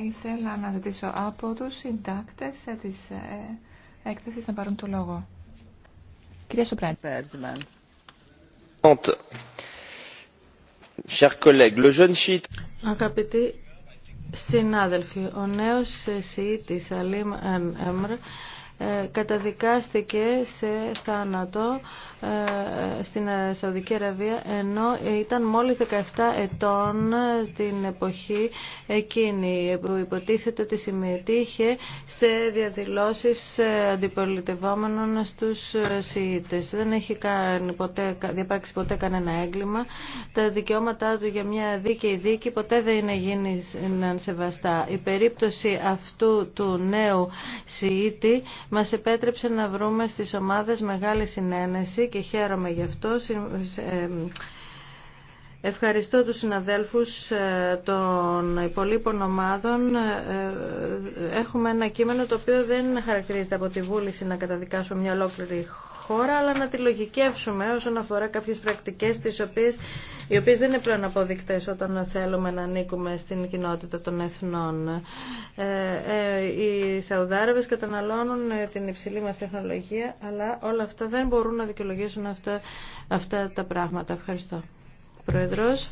Θα ήθελα να ζητήσω από τους συντάκτες της ε, έκθεσης να πάρουν το λόγο. Κυρία Σοπράνη. Αγαπητοί συνάδελφοι, ο νέος της Αλήμ Εμρ ε, καταδικάστηκε σε θάνατο ε, στην ε, Σαουδική Αραβία ενώ ήταν μόλις 17 ετών την εποχή εκείνη που υποτίθεται ότι συμμετείχε σε διαδηλώσεις αντιπολιτευόμενων στους ΣΥΙΤΕΣ. Δεν έχει κάνει ποτέ, ποτέ κανένα έγκλημα. Τα δικαιώματά του για μια δίκαιη δίκη ποτέ δεν είναι γίνει σεβαστά. Η περίπτωση αυτού του νέου ΣΥΙΤΗ μας επέτρεψε να βρούμε στις ομάδες μεγάλη συνένεση και χαίρομαι γι' αυτό. Ε, ευχαριστώ τους συναδέλφους ε, των υπολείπων ομάδων. Ε, έχουμε ένα κείμενο το οποίο δεν χαρακτηρίζεται από τη βούληση να καταδικάσουμε μια ολόκληρη χώρα, αλλά να τη λογικεύσουμε όσον αφορά κάποιε πρακτικέ, οποίες, οι οποίες δεν είναι πλέον αποδεικτέ όταν θέλουμε να ανήκουμε στην κοινότητα των εθνών. Ε, ε, οι Σαουδάραβες καταναλώνουν ε, την υψηλή μας τεχνολογία, αλλά όλα αυτά δεν μπορούν να δικαιολογήσουν αυτά, αυτά τα πράγματα. Ευχαριστώ. Πρόεδρος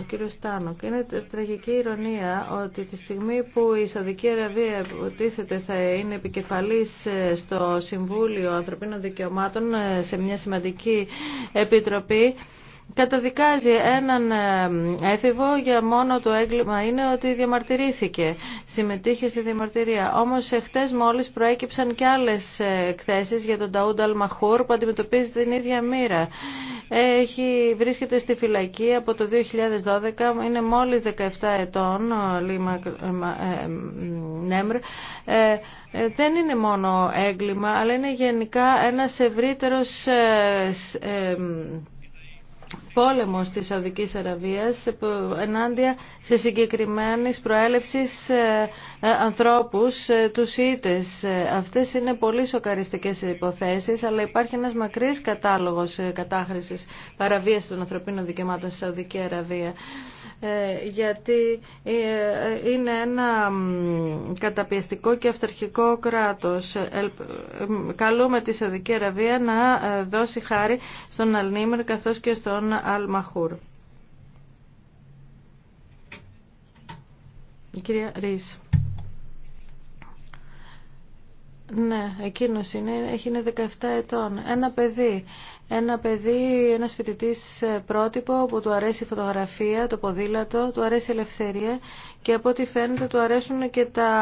ο κύριος και Είναι τραγική ηρωνία ότι τη στιγμή που η Σαουδική Αραβία υποτίθεται θα είναι επικεφαλής ε, στο Συμβούλιο Ανθρωπίνων Δικαιωμάτων ε, σε μια σημαντική επιτροπή καταδικάζει έναν ε, έφηβο για μόνο το έγκλημα είναι ότι διαμαρτυρήθηκε, συμμετείχε στη διαμαρτυρία. Όμως χτες μόλις προέκυψαν και άλλες εκθέσεις για τον Ταούντα Αλμαχούρ που αντιμετωπίζει την ίδια μοίρα έχει, βρίσκεται στη φυλακή από το 2012, είναι μόλις 17 ετών ο Λίμα ε, ε, Νέμρ. Ε, δεν είναι μόνο έγκλημα, αλλά είναι γενικά ένας ευρύτερος πόλεμος της Σαουδικής Αραβίας ενάντια σε συγκεκριμένης προέλευσης ε, ε, ανθρώπους, ε, τους ήτες Αυτές είναι πολύ σοκαριστικές υποθέσεις, αλλά υπάρχει ένας μακρύς κατάλογος κατάχρησης παραβίασης των ανθρωπίνων δικαιωμάτων στη Σαουδική Αραβία. Γιατί είναι ένα καταπιεστικό και αυταρχικό κράτος. Καλούμε τη Σαουδική Αραβία να δώσει χάρη στον Αλνίμερ καθώς και στον Αλ Η κυρία Ρίς. Ναι, εκείνος είναι, έχει 17 ετών. Ένα παιδί ένα παιδί, ένας φοιτητής ε, πρότυπο που του αρέσει η φωτογραφία, το ποδήλατο, του αρέσει η ελευθερία και από ό,τι φαίνεται του αρέσουν και τα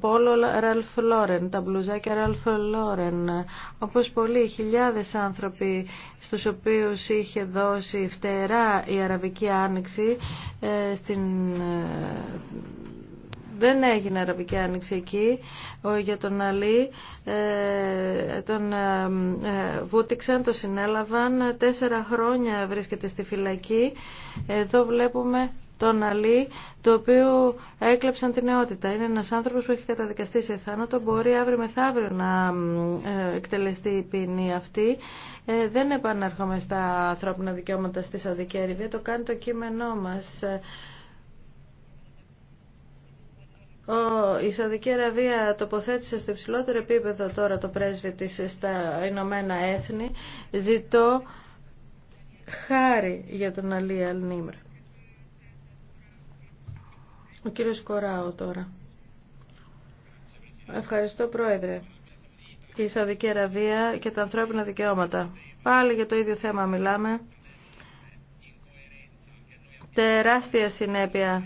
πόλο Ραλφ Λόρεν, τα μπλουζάκια Ραλφ Λόρεν. Όπως πολλοί χιλιάδες άνθρωποι στους οποίους είχε δώσει φτερά η Αραβική Άνοιξη ε, στην ε, δεν έγινε αραβική άνοιξη εκεί για τον Αλή ε, τον ε, ε, βούτυξαν, τον συνέλαβαν τέσσερα χρόνια βρίσκεται στη φυλακή εδώ βλέπουμε τον Αλή, το οποίο έκλεψαν την νεότητα. Είναι ένας άνθρωπος που έχει καταδικαστεί σε θάνατο, μπορεί αύριο μεθαύριο να εκτελεστεί η ποινή αυτή. δεν επανέρχομαι στα ανθρώπινα δικαιώματα στη Σαουδική Αριβία. το κάνει το κείμενό μας η Σαουδική Αραβία τοποθέτησε στο υψηλότερο επίπεδο τώρα το πρέσβη της στα Ηνωμένα Έθνη. Ζητώ χάρη για τον Αλή Αλνίμρ. Ο κύριος Κοράου τώρα. Ευχαριστώ Πρόεδρε. Η Σαουδική Αραβία και τα ανθρώπινα δικαιώματα. Πάλι για το ίδιο θέμα μιλάμε. Τεράστια συνέπεια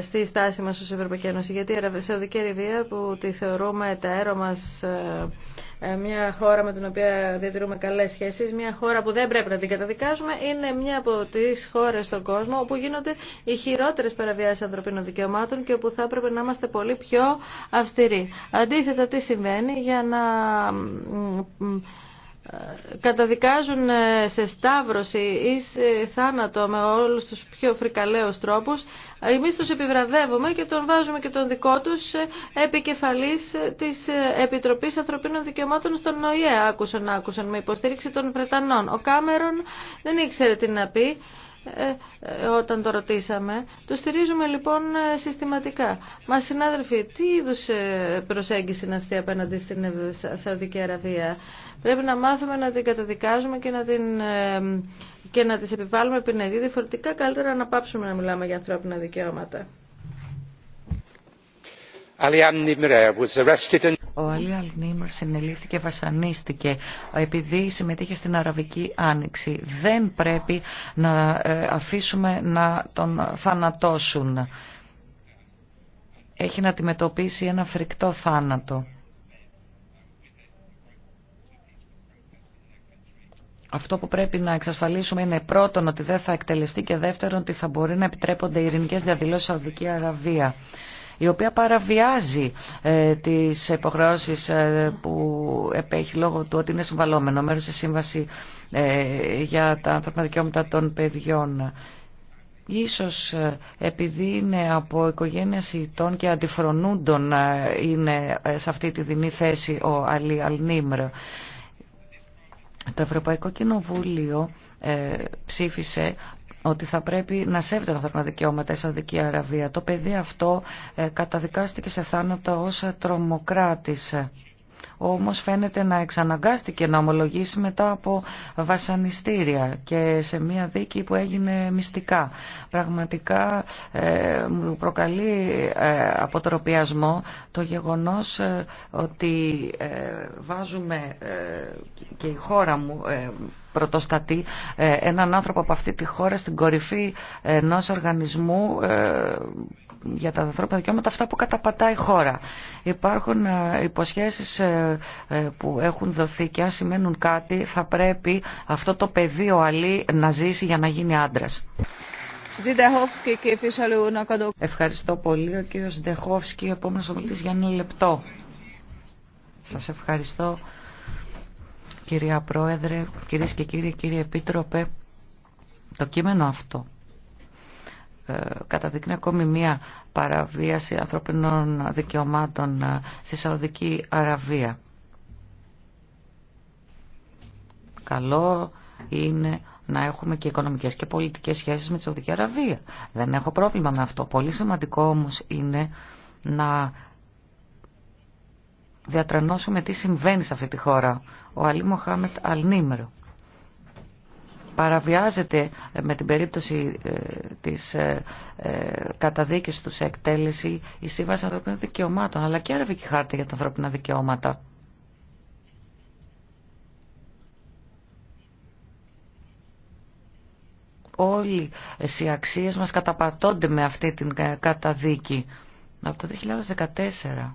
στη στάση μας ως Ευρωπαϊκή Ένωση. Γιατί η Σαουδική Αραβία που τη θεωρούμε τα έρωμα μας ε, ε, μια χώρα με την οποία διατηρούμε καλές σχέσεις, μια χώρα που δεν πρέπει να την καταδικάζουμε, είναι μια από τις χώρες στον κόσμο όπου γίνονται οι χειρότερες παραβιάσεις ανθρωπίνων δικαιωμάτων και όπου θα έπρεπε να είμαστε πολύ πιο αυστηροί. Αντίθετα τι συμβαίνει για να καταδικάζουν ε, σε σταύρωση ή σε θάνατο με όλους τους πιο φρικαλαίους τρόπους, εμείς τους επιβραβεύουμε και τον βάζουμε και τον δικό τους ε, επικεφαλής ε, της Επιτροπής Ανθρωπίνων Δικαιωμάτων στον ΟΗΕ, άκουσαν, άκουσαν, με υποστήριξη των Βρετανών. Ο Κάμερον δεν ήξερε τι να πει. Ε, ε, όταν το ρωτήσαμε. Το στηρίζουμε λοιπόν ε, συστηματικά. Μα συνάδελφοι, τι είδου προσέγγιση είναι αυτή απέναντι στην Σαουδική Αραβία. Πρέπει να μάθουμε να την καταδικάζουμε και να, την, και να τις επιβάλλουμε ποινές. Γιατί φορτικά καλύτερα να πάψουμε να μιλάμε για ανθρώπινα δικαιώματα. Ο Αλή Αλνίμρ συνελήφθηκε, βασανίστηκε επειδή συμμετείχε στην Αραβική Άνοιξη. Δεν πρέπει να ε, αφήσουμε να τον θανατώσουν. Έχει να αντιμετωπίσει ένα φρικτό θάνατο. Αυτό που πρέπει να εξασφαλίσουμε είναι πρώτον ότι δεν θα εκτελεστεί και δεύτερον ότι θα μπορεί να επιτρέπονται ειρηνικές διαδηλώσεις Σαουδική Αραβία η οποία παραβιάζει ε, τις υποχρεώσεις ε, που επέχει λόγω του ότι είναι συμβαλόμενο μέρος σε Σύμβαση ε, για τα ανθρώπινα δικαιώματα των παιδιών. Ίσως επειδή είναι από οικογένειες ητών και αντιφρονούντων είναι σε αυτή τη δινή θέση ο Αλή Αλνίμρ. Το Ευρωπαϊκό Κοινοβούλιο ψήφισε ότι θα πρέπει να σέβεται τα ανθρώπινα δικαιώματα η Σαουδική Αραβία. Το παιδί αυτό ε, καταδικάστηκε σε θάνατο ως τρομοκράτης όμως φαίνεται να εξαναγκάστηκε να ομολογήσει μετά από βασανιστήρια και σε μια δίκη που έγινε μυστικά. Πραγματικά ε, μου προκαλεί ε, αποτροπιασμό το γεγονός ε, ότι βάζουμε και η χώρα μου πρωτοστατεί έναν άνθρωπο από αυτή τη χώρα στην κορυφή ενός οργανισμού για τα ανθρώπινα δικαιώματα, αυτά που καταπατάει η χώρα. Υπάρχουν υποσχέσεις ε, που έχουν δοθεί και αν σημαίνουν κάτι θα πρέπει αυτό το πεδίο αλή να ζήσει για να γίνει άντρας. Ευχαριστώ πολύ. Ο κύριος Ντεχόφσκι, επόμενος ομιλητής για ένα λεπτό. Σας ευχαριστώ κυρία Πρόεδρε, κυρίες και κύριοι, κύριε Επίτροπε. Το κείμενο αυτό ε, καταδεικνύει ακόμη μία παραβίαση ανθρωπινών δικαιωμάτων ε, στη Σαουδική Αραβία. καλό είναι να έχουμε και οικονομικές και πολιτικές σχέσεις με τη Σαουδική Αραβία. Δεν έχω πρόβλημα με αυτό. Πολύ σημαντικό όμως είναι να διατρανώσουμε τι συμβαίνει σε αυτή τη χώρα. Ο Αλή Μοχάμετ Αλνίμερο παραβιάζεται ε, με την περίπτωση ε, της ε, καταδίκης του σε εκτέλεση η Σύμβαση Ανθρωπίνων Δικαιωμάτων αλλά και η Αραβική Χάρτη για τα ανθρώπινα δικαιώματα. όλοι οι αξίες μας καταπατώνται με αυτή την καταδίκη. Από το 2014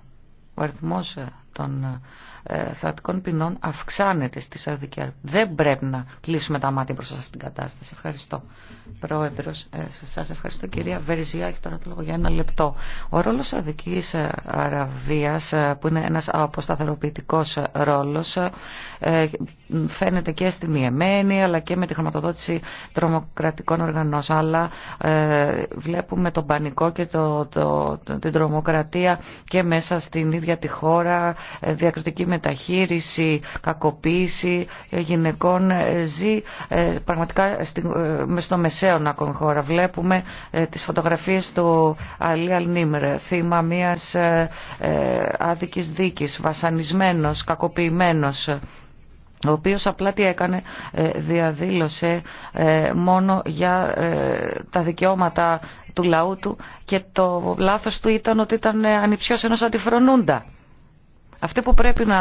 ο αριθμός ε, των ε, θεατικών ποινών αυξάνεται στη Σαουδική Δεν πρέπει να κλείσουμε τα μάτια προς αυτήν την κατάσταση. Ευχαριστώ. Πρόεδρος, ε, σα ευχαριστώ κυρία Βερζιά. Έχει τώρα το λόγο για ένα λεπτό. Ο ρόλος αδική ε, Αραβίας που είναι ένας αποσταθεροποιητικός ρόλος φαίνεται και στην Ιεμένη αλλά και με τη χρηματοδότηση τρομοκρατικών οργανώσεων. Αλλά βλέπουμε τον πανικό και το, το, την τρομοκρατία και μέσα στην ίδια τη χώρα διακριτική μεταχείριση, κακοποίηση ε, γυναικών ε, ζει ε, πραγματικά στο μεσαίο ακόμη χώρα. Βλέπουμε τις φωτογραφίες του Αλή Αλνίμερ, θύμα μιας άδικης δίκης, βασανισμένος, κακοποιημένος ο οποίος απλά τι έκανε, διαδήλωσε μόνο για τα δικαιώματα του λαού του και το λάθος του ήταν ότι ήταν ανυψιός ενός αντιφρονούντα. Αυτοί που πρέπει να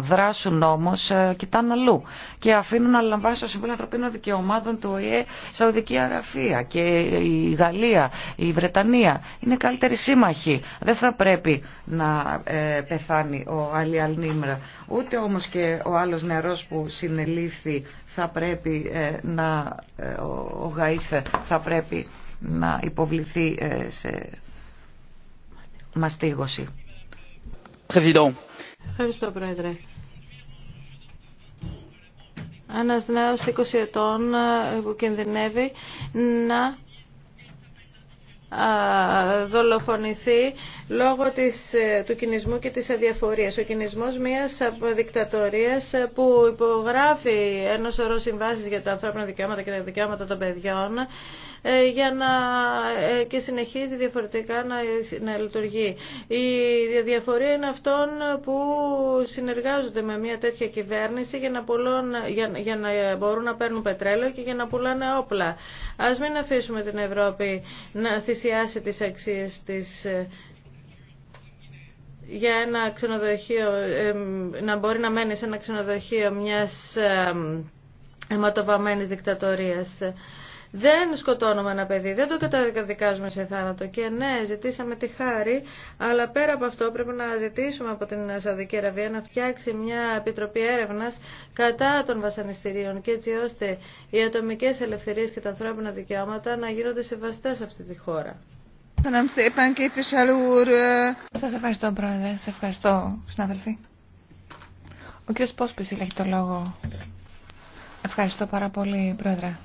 δράσουν όμω ε, κοιτάνε αλλού και αφήνουν να λαμβάνει στο Συμβούλιο Ανθρωπίνων Δικαιωμάτων του ΟΗΕ Σαουδική Αραφία και η Γαλλία, η Βρετανία. Είναι καλύτερη σύμμαχοι. Δεν θα πρέπει να ε, πεθάνει ο Αλή Αλνίμρα. Ούτε όμω και ο άλλο νερό που συνελήφθη θα πρέπει ε, να. ο, θα πρέπει να υποβληθεί σε μαστίγωση. President. Ευχαριστώ, Πρόεδρε. Ένας νέος 20 ετών ε, που κινδυνεύει να δολοφονηθεί λόγω της, ε, του κινησμού και της αδιαφορίας. Ο κινησμός μιας δικτατορίας ε, που υπογράφει ένα σωρό συμβάσεις για τα ανθρώπινα δικαιώματα και τα δικαιώματα των παιδιών ε, για να, ε, και συνεχίζει διαφορετικά να, να λειτουργεί. Η διαφορία είναι αυτών που συνεργάζονται με μια τέτοια κυβέρνηση για να, πουλών, για, για να μπορούν να παίρνουν πετρέλαιο και για να πουλάνε όπλα. Ας μην αφήσουμε την Ευρώπη να θυσιάσει τις αξίες της ε, για ένα ξενοδοχείο, να μπορεί να μένει σε ένα ξενοδοχείο μιας αιματοβαμμένης δικτατορίας. Δεν σκοτώνουμε ένα παιδί, δεν το καταδικάζουμε σε θάνατο. Και ναι, ζητήσαμε τη χάρη, αλλά πέρα από αυτό πρέπει να ζητήσουμε από την Σαουδική Αραβία να φτιάξει μια επιτροπή έρευνα κατά των βασανιστήριων και έτσι ώστε οι ατομικέ ελευθερίε και τα ανθρώπινα δικαιώματα να γίνονται σεβαστά σε αυτή τη χώρα. Σα ευχαριστώ, Πρόεδρε. Σα ευχαριστώ, συνάδελφοι. Ο κύριος Πόσπης έχει το λόγο. Ευχαριστώ πάρα πολύ, Πρόεδρε.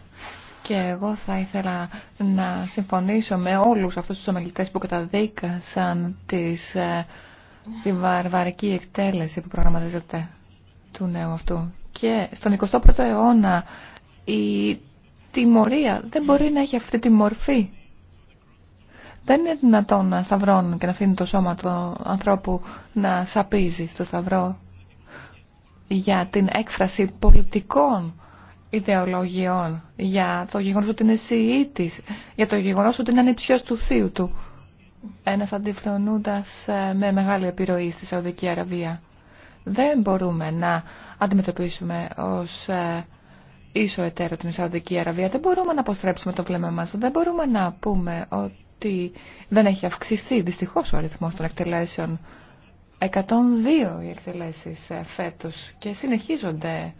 Και εγώ θα ήθελα να συμφωνήσω με όλους αυτούς τους ομιλητές που καταδίκασαν τις, ε, τη βαρβαρική εκτέλεση που προγραμματίζεται του νέου αυτού. Και στον 21ο αιώνα η τιμωρία δεν μπορεί να έχει αυτή τη μορφή. Δεν είναι δυνατόν να σταυρώνουν και να αφήνουν το σώμα του ανθρώπου να σαπίζει στο σταυρό για την έκφραση πολιτικών ιδεολογιών, για το γεγονός ότι είναι Σιήτης, για το γεγονός ότι είναι ανιψιός του θείου του, ένας αντιφρονούντας ε, με μεγάλη επιρροή στη Σαουδική Αραβία. Δεν μπορούμε να αντιμετωπίσουμε ως ε, ίσο εταίρο την Σαουδική Αραβία. Δεν μπορούμε να αποστρέψουμε το βλέμμα μας. Δεν μπορούμε να πούμε ότι δεν έχει αυξηθεί δυστυχώ ο αριθμό των εκτελέσεων. 102 οι εκτελέσεις ε, φέτος και συνεχίζονται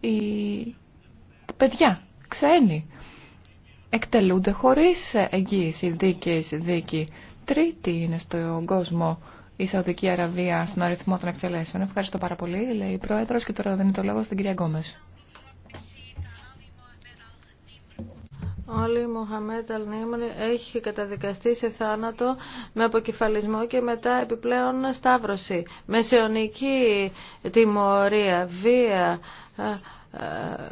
οι παιδιά, ξένοι. Εκτελούνται χωρίς εγγύηση δίκαιης δίκη. Τρίτη είναι στον κόσμο η Σαουδική Αραβία στον αριθμό των εκτελέσεων. Ευχαριστώ πάρα πολύ, λέει η Πρόεδρος και τώρα δίνει το λόγο στην κυρία Γκόμες. Όλη η Μουχαμέταλ έχει καταδικαστεί σε θάνατο με αποκεφαλισμό και μετά επιπλέον σταύρωση. Μεσαιωνική τιμωρία, βία, ε, ε,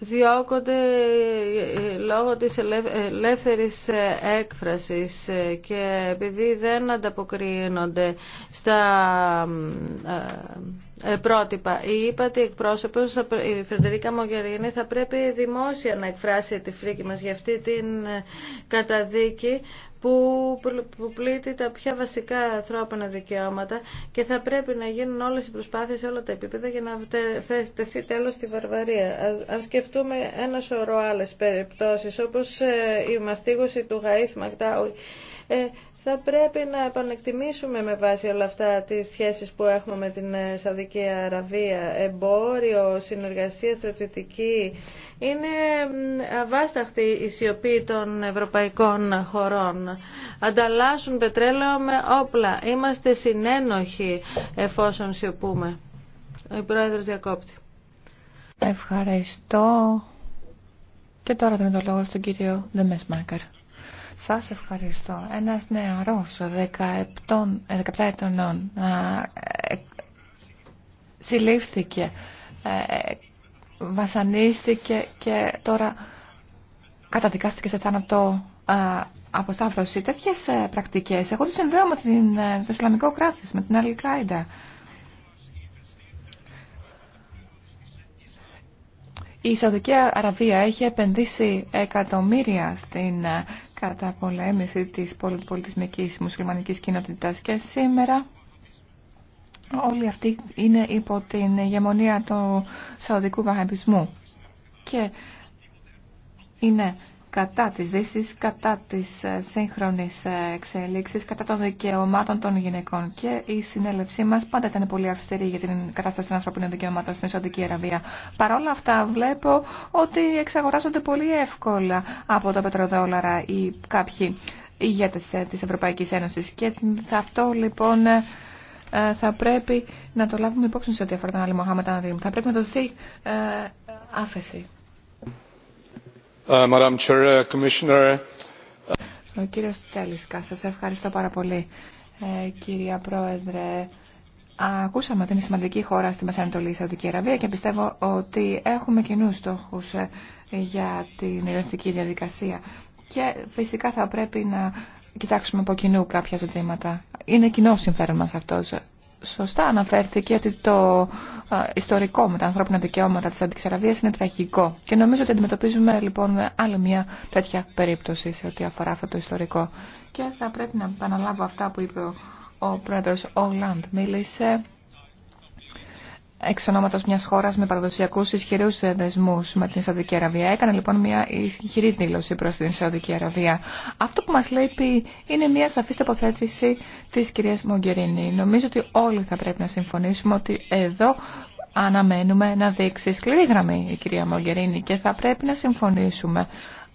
διώκονται ε, ε, λόγω της ε, ελεύθερης έκφρασης και επειδή δεν ανταποκρίνονται στα πρότυπα. Η ύπατη εκπρόσωπος, η Φρεντερίκα Μογερίνη, θα πρέπει δημόσια να εκφράσει τη φρίκη μας για αυτή την καταδίκη που πλήττει τα πιο βασικά ανθρώπινα δικαιώματα και θα πρέπει να γίνουν όλες οι προσπάθειες σε όλα τα επίπεδα για να τεθεί τέλος στη βαρβαρία. Αν σκεφτούμε ένα σωρό άλλες περιπτώσεις όπως ε, η μαστίγωση του Γαΐθ Μακτάου, ε, θα πρέπει να επανεκτιμήσουμε με βάση όλα αυτά τις σχέσεις που έχουμε με την ε, Σαουδική Αραβία. Εμπόριο, συνεργασία, στρατιωτική. Είναι αβάσταχτη η σιωπή των ευρωπαϊκών χωρών. Ανταλλάσσουν πετρέλαιο με όπλα. Είμαστε συνένοχοι εφόσον σιωπούμε. Ο Πρόεδρος Διακόπτη. Ευχαριστώ. Και τώρα δίνω το λόγο στον κύριο Δεμεσμάκαρ. Σας ευχαριστώ. Ένας νεαρός 17, 17 ετών συλλήφθηκε, ε, βασανίστηκε και τώρα καταδικάστηκε σε θάνατο αποσταύρωση. Τέτοιες ε, πρακτικές, εγώ το συνδέω με την, ε, το Ισλαμικό κράτος, με την Αλικάιντα. Η Σαουδική Αραβία έχει επενδύσει εκατομμύρια στην ε, καταπολέμηση της πολιτισμικής μουσουλμανικής κοινότητας και σήμερα όλοι αυτοί είναι υπό την ηγεμονία του Σαουδικού Βαχαμπισμού και είναι κατά της Δύσης, κατά της ε, σύγχρονης ε, εξέλιξης, κατά των δικαιωμάτων των γυναικών. Και η συνέλευσή μας πάντα ήταν πολύ αυστηρή για την κατάσταση των ανθρωπίνων δικαιωμάτων στην Ισοδική Αραβία. Παρ' όλα αυτά βλέπω ότι εξαγοράζονται πολύ εύκολα από τα πετροδόλαρα ή κάποιοι ηγέτες ε, της Ευρωπαϊκής Ένωσης. Και αυτό λοιπόν θα πρέπει να το λάβουμε υπόψη σε ό,τι αφορά τον Άλλη Μοχάμετα Θα πρέπει να δοθεί ε, άφεση. Uh, Madam Chair, uh, σας ευχαριστώ πάρα πολύ. Ε, κυρία Πρόεδρε, ακούσαμε ότι είναι σημαντική χώρα στη Μεσανατολή Σαουδική Αραβία και πιστεύω ότι έχουμε κοινού στόχου ε, για την ειρηνευτική διαδικασία. Και φυσικά θα πρέπει να κοιτάξουμε από κοινού κάποια ζητήματα. Είναι κοινό συμφέρον μας αυτός σωστά αναφέρθηκε ότι το ιστορικό με τα ανθρώπινα δικαιώματα της αντιξαραβίας είναι τραγικό. Και νομίζω ότι αντιμετωπίζουμε λοιπόν άλλη μια τέτοια περίπτωση σε ό,τι αφορά αυτό το ιστορικό. Και θα πρέπει να επαναλάβω αυτά που είπε ο, ο πρόεδρος Ολάντ. Μίλησε εξ ονόματο μιας χώρας με παραδοσιακού ισχυρού δεσμού με την Σαουδική Αραβία. Έκανε λοιπόν μια ισχυρή δήλωση προ την Σαουδική Αραβία. Αυτό που μα λείπει είναι μια σαφή τοποθέτηση τη κυρία Μογκερίνη. Νομίζω ότι όλοι θα πρέπει να συμφωνήσουμε ότι εδώ αναμένουμε να δείξει σκληρή γραμμή η κυρία Μογκερίνη και θα πρέπει να συμφωνήσουμε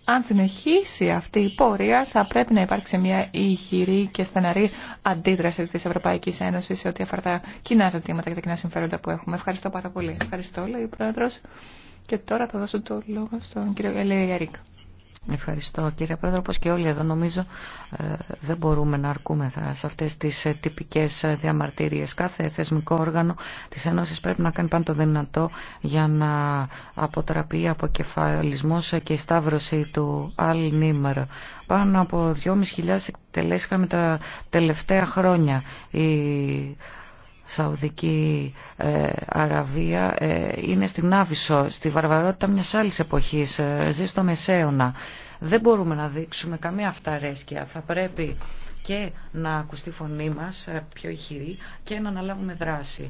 αν συνεχίσει αυτή η πορεία θα πρέπει να υπάρξει μια ηχηρή και στεναρή αντίδραση τη Ευρωπαϊκής Ένωσης σε ό,τι αφορά τα κοινά ζητήματα και τα κοινά συμφέροντα που έχουμε. Ευχαριστώ πάρα πολύ. Ευχαριστώ, λέει ο πρόεδρο Και τώρα θα δώσω το λόγο στον κύριο Ελέη Ευχαριστώ κύριε Πρόεδρε, όπως και όλοι εδώ νομίζω ε, δεν μπορούμε να αρκούμε σε αυτές τις ε, τυπικές ε, διαμαρτυρίες. Κάθε θεσμικό όργανο της Ένωση πρέπει να κάνει πάντα το δυνατό για να αποτραπεί αποκεφαλισμός και η σταύρωση του Αλ Νίμερ. Πάνω από 2.500 εκτελέσχαμε τα τελευταία χρόνια. Η Σαουδική ε, Αραβία ε, είναι στην Άβυσσο, στη βαρβαρότητα μιας άλλης εποχής, ε, ζει στο Μεσαίωνα. Δεν μπορούμε να δείξουμε καμία αυταρέσκεια. Θα πρέπει και να ακουστεί φωνή μας ε, πιο ηχηρή και να αναλάβουμε δράση.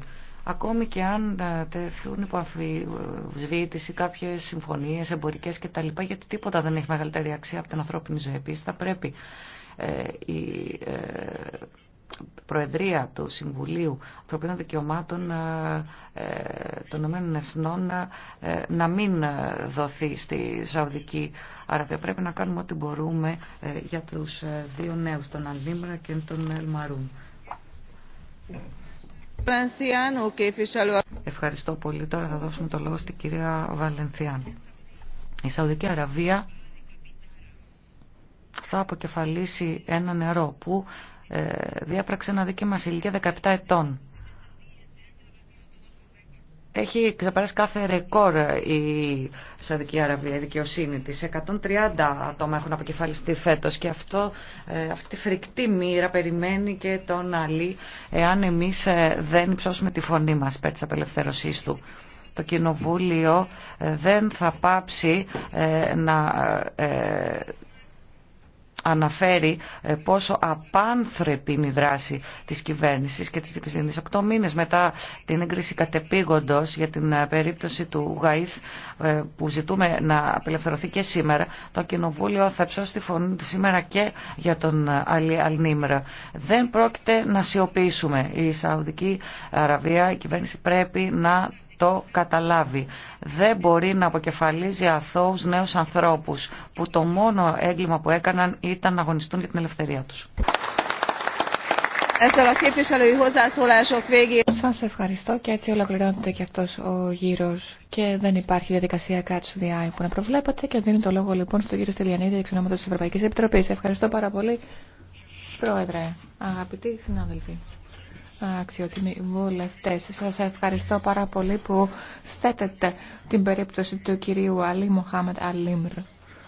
Ακόμη και αν τεθούν υπό αμφισβήτηση κάποιε συμφωνίε εμπορικέ κτλ. Γιατί τίποτα δεν έχει μεγαλύτερη αξία από την ανθρώπινη ζωή. θα πρέπει η Προεδρία του Συμβουλίου Ανθρωπίνων Δικαιωμάτων ε, ε, των Ηνωμένων Εθνών ε, να μην δοθεί στη Σαουδική Αραβία. Πρέπει να κάνουμε ό,τι μπορούμε για τους δύο νέους, τον Αλνίμρα και τον Ελμαρούν. Ευχαριστώ πολύ. Τώρα θα δώσουμε το λόγο στην κυρία Βαλενθιάν. Η Σαουδική Αραβία θα αποκεφαλίσει ένα νερό που ε, διάπραξε ένα δίκαιο μα ηλικία 17 ετών. Έχει ξεπεράσει κάθε ρεκόρ ε, η Σαουδική Αραβία, η δικαιοσύνη της. 130 άτομα έχουν αποκεφαλιστεί φέτος και αυτό, ε, αυτή τη φρικτή μοίρα περιμένει και τον Αλή εάν εμείς δεν υψώσουμε τη φωνή μας πέρα της απελευθέρωσής του. Το Κοινοβούλιο δεν θα πάψει να αναφέρει ε, πόσο απάνθρεπη είναι η δράση της κυβέρνησης και της δικαιοσύνη. Οκτώ μήνες μετά την έγκριση κατεπήγοντος για την ε, περίπτωση του Γαΐθ ε, που ζητούμε να απελευθερωθεί και σήμερα, το Κοινοβούλιο θα ψώσει τη φωνή του σήμερα και για τον Αλή Αλνίμρα. Δεν πρόκειται να σιωπήσουμε. Η Σαουδική Αραβία, η κυβέρνηση πρέπει να το καταλάβει. Δεν μπορεί να αποκεφαλίζει αθώους νέους ανθρώπους που το μόνο έγκλημα που έκαναν ήταν να αγωνιστούν για την ελευθερία τους. Σας ευχαριστώ και έτσι ολοκληρώνεται και αυτός ο γύρος και δεν υπάρχει διαδικασία catch the eye που να προβλέπατε και δίνει το λόγο λοιπόν στον κύριο Στελιανίδη εξ ονόματος της Ευρωπαϊκής Επιτροπής. Ευχαριστώ πάρα πολύ. Πρόεδρε, αγαπητοί συνάδελφοι αξιότιμοι βουλευτές. Σας ευχαριστώ πάρα πολύ που θέτετε την περίπτωση του κυρίου Αλή Μοχάμετ Αλήμρ.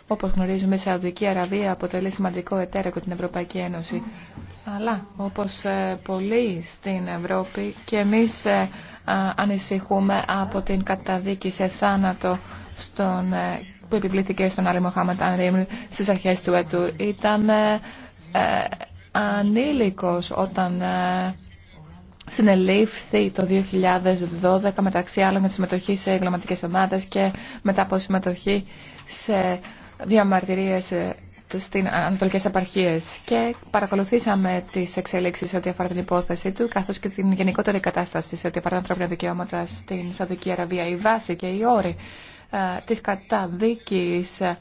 Όπως γνωρίζουμε, η Σαουδική Αραβία αποτελεί σημαντικό εταίρο την Ευρωπαϊκή Ένωση. Αλλά, όπως ε, πολλοί στην Ευρώπη, και εμείς ε, ανησυχούμε από την καταδίκη σε θάνατο στον, ε, που επιβλήθηκε στον Άλλη Μοχάμετ Αλήμρ στις αρχές του έτου. Ήταν ανήλικος όταν συνελήφθη το 2012 μεταξύ άλλων για τη συμμετοχή σε εγκληματικές ομάδε και μετά από συμμετοχή σε διαμαρτυρίε ε, στην ανατολικέ Επαρχίες και παρακολουθήσαμε τι εξελίξει σε ό,τι αφορά την υπόθεση του καθώ και την γενικότερη κατάσταση σε ό,τι αφορά τα ανθρώπινα δικαιώματα στην Σαουδική Αραβία η βάση και οι όροι ε, τη καταδίκη ε,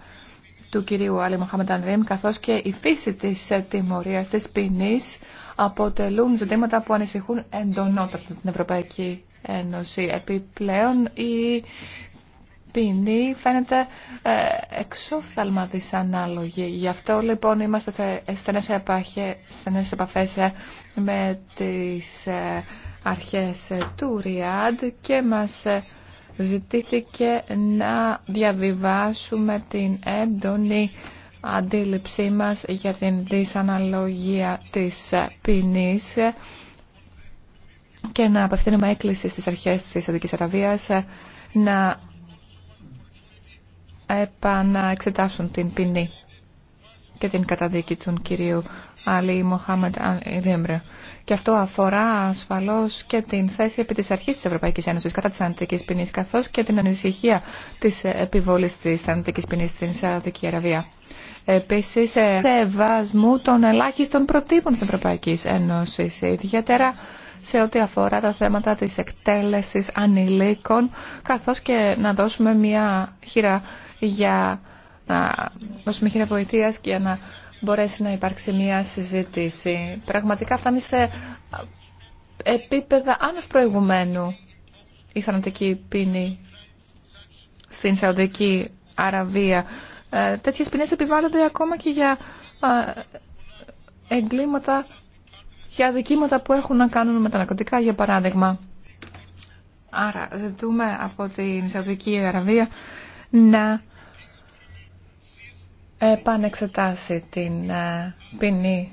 του κυρίου Άλλη Μοχάμενταν Ρήμ καθώς και η φύση της τιμωρίας της ποινής αποτελούν ζητήματα που ανησυχούν εντονότατα την Ευρωπαϊκή Ένωση. Επιπλέον, η ποινή φαίνεται ε, εξόφθαλμα δυσανάλογη. Γι' αυτό λοιπόν είμαστε σε στενές, επαφές ε, με τις ε, αρχές του Ριάντ και μας ζητήθηκε να διαβιβάσουμε την έντονη αντίληψή μας για την δυσαναλογία της ποινή και να απευθύνουμε έκκληση στις αρχές της Αντικής Αραβίας να επαναεξετάσουν την ποινή και την καταδίκη του κυρίου Αλή Μοχάμεντ Ιρέμπρε. Και αυτό αφορά ασφαλώ και την θέση επί τη αρχή τη Ευρωπαϊκή Ένωση κατά τη θανατική ποινή, καθώ και την ανησυχία τη επιβολή τη θανατική ποινή στην Σαουδική Αραβία. σε σεβασμού των ελάχιστων προτύπων τη Ευρωπαϊκή Ένωση, ιδιαίτερα σε ό,τι αφορά τα θέματα της εκτέλεσης ανηλίκων, καθώς και να δώσουμε μια χείρα για να δώσουμε χείρα βοηθείας και να μπορέσει να υπάρξει μια συζήτηση. Πραγματικά φτάνει σε επίπεδα άνευ προηγουμένου η θανατική πίνη στην Σαουδική Αραβία. Ε, τέτοιες ποινές επιβάλλονται ακόμα και για ε, εγκλήματα, για αδικήματα που έχουν να κάνουν με τα ναρκωτικά, για παράδειγμα. Άρα ζητούμε από την Σαουδική Αραβία να επανεξετάσει την ε, ποινή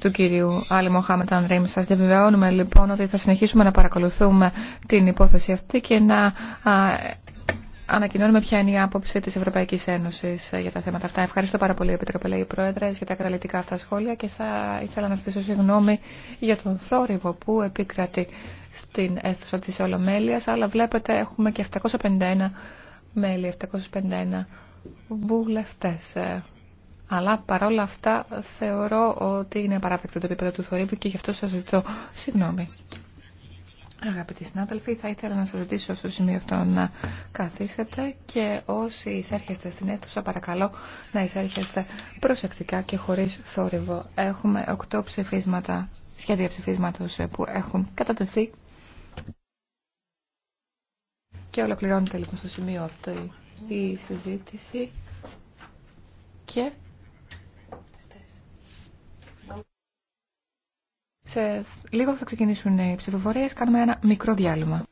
του κυρίου Άλλη Μοχάμετ Ανδρέη Σας διαβεβαιώνουμε λοιπόν ότι θα συνεχίσουμε να παρακολουθούμε την υπόθεση αυτή και να ανακοινώνουμε ποια είναι η άποψη της Ευρωπαϊκής Ένωσης ε, για τα θέματα αυτά. Ευχαριστώ πάρα πολύ, Επιτροπέ Λέγη Πρόεδρε, για τα καταλητικά αυτά σχόλια και θα ήθελα να στήσω συγγνώμη για τον θόρυβο που επικρατεί στην αίθουσα της Ολομέλειας, αλλά βλέπετε έχουμε και 751 μέλη, 751 βουλευτές. Ε, αλλά παρόλα αυτά θεωρώ ότι είναι απαράδεκτο το επίπεδο του θορύβου και γι' αυτό σας ζητώ συγγνώμη. Αγαπητοί συνάδελφοι, θα ήθελα να σας ζητήσω στο σημείο αυτό να καθίσετε και όσοι εισέρχεστε στην αίθουσα παρακαλώ να εισέρχεστε προσεκτικά και χωρίς θόρυβο. Έχουμε οκτώ ψηφίσματα, σχέδια ψηφίσματο ε, που έχουν κατατεθεί και ολοκληρώνεται λοιπόν στο σημείο αυτό η συζήτηση και σε λίγο θα ξεκινήσουν οι ψηφοφορίες. Κάνουμε ένα μικρό διάλειμμα.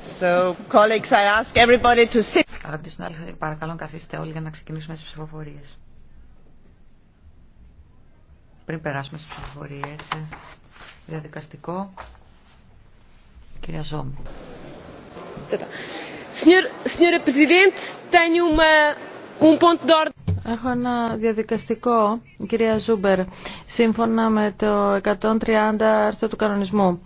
So, colleagues, I ask everybody to sit. Αγαπητοί συνάδελφοι, παρακαλώ καθίστε όλοι για να ξεκινήσουμε τις ψηφοφορίες. Πριν περάσουμε στις ψηφοφορίες, ε, διαδικαστικό, κυρία Ζώμη. Um Έχω ένα διαδικαστικό, κυρία Ζούμπερ, σύμφωνα με το 130 άρθρο του κανονισμού.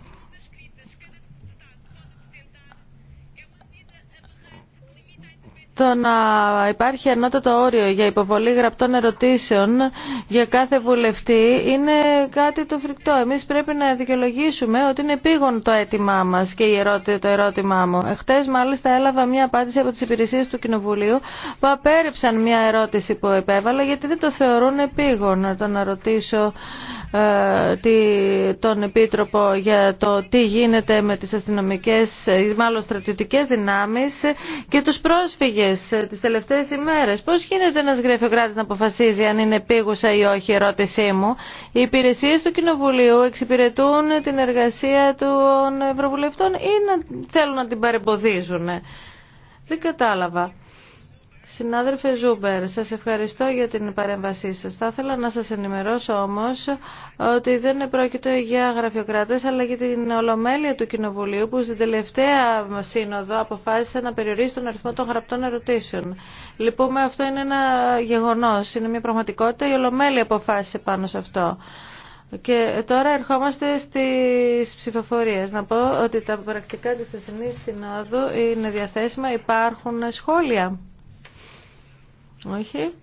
το να υπάρχει ανώτατο όριο για υποβολή γραπτών ερωτήσεων για κάθε βουλευτή είναι κάτι το φρικτό. Εμείς πρέπει να δικαιολογήσουμε ότι είναι επίγον το αίτημά μας και το ερώτημά μου. Εχθές μάλιστα έλαβα μια απάντηση από τις υπηρεσίες του Κοινοβουλίου που απέρριψαν μια ερώτηση που επέβαλα γιατί δεν το θεωρούν επίγον να τον ρωτήσω ε, τον Επίτροπο για το τι γίνεται με τις αστυνομικές, ε, μάλλον στρατιωτικές δυνάμεις και τους πρόσφυγες τι ε, τις τελευταίες ημέρες. Πώς γίνεται ένας γραφειοκράτης να αποφασίζει αν είναι επίγουσα πήγουσα η ερώτησή μου. Οι υπηρεσίες του Κοινοβουλίου εξυπηρετούν την εργασία των Ευρωβουλευτών ή να θέλουν να την παρεμποδίζουν. Δεν κατάλαβα. Συνάδελφε Ζούμπερ, σας ευχαριστώ για την παρέμβασή σας. Θα ήθελα να σας ενημερώσω όμως ότι δεν πρόκειται για γραφειοκράτες αλλά για την ολομέλεια του Κοινοβουλίου που στην τελευταία σύνοδο αποφάσισε να περιορίσει τον αριθμό των γραπτών ερωτήσεων. Λυπούμε, αυτό είναι ένα γεγονός, είναι μια πραγματικότητα, η ολομέλεια αποφάσισε πάνω σε αυτό. Και τώρα ερχόμαστε στις ψηφοφορίες. Να πω ότι τα πρακτικά της θεσινής συνόδου είναι διαθέσιμα, υπάρχουν σχόλια. Όχι.